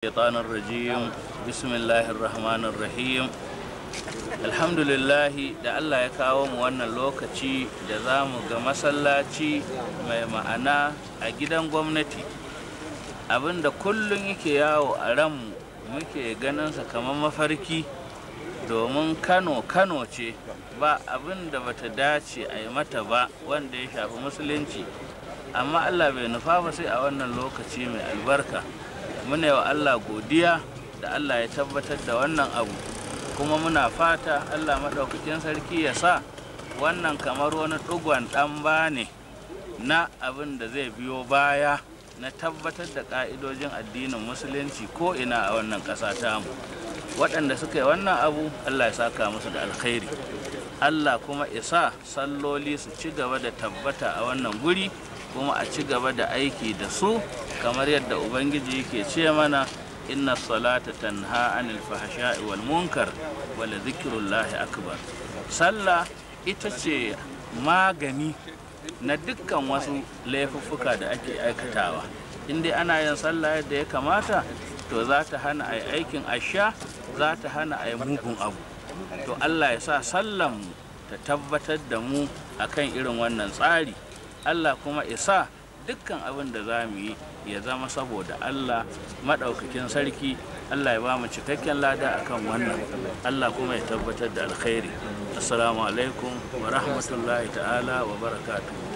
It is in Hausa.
الشيطان الرجيم بسم الله الرحمن الرحيم الحمد لله da Allah ya kawo mu wannan lokaci da za mu ga masallaci mai ma'ana a gidan gwamnati abinda kullum yake yawo a ranmu muke ganinsa kamar mafarki domin kano kano ce ba abinda da bata dace a yi mata ba wanda ya shafi musulunci amma Allah bai nufa ba sai a wannan lokaci mai albarka muna yi wa allah godiya da allah ya tabbatar da wannan abu kuma muna fata allah maɗaukakin sarki ya sa wannan kamar wani ɗugon ɗan ba ne na abin da zai biyo baya na tabbatar da ƙa'idojin addinin musulunci ko ina a wannan ƙasa tamu waɗanda suka yi wannan abu allah ya saka musu da alkhairi allah kuma isa salloli su ci gaba da tabbata a wannan guri kuma a ci gaba da aiki da su kamar yadda ubangiji yake ce mana inna salata tanha anil fahsha'i wal munkar wala zikirullahi akbar sallah ita ce magani na dukkan wasu laifuffuka da ake aikatawa inda ana yin sallah yadda ya kamata to za ta hana a aikin asha za ta hana a mugun abu to allah ya sa sallan ta tabbatar da mu akan irin wannan tsari allah kuma isa dukkan abin da za mu yi ya zama saboda allah maɗaukakin sarki allah ya ba mu cikakken lada akan wannan allah kuma ya tabbatar da alkhairi assalamu alaikum wa rahmatullahi ta'ala wa barakatuhu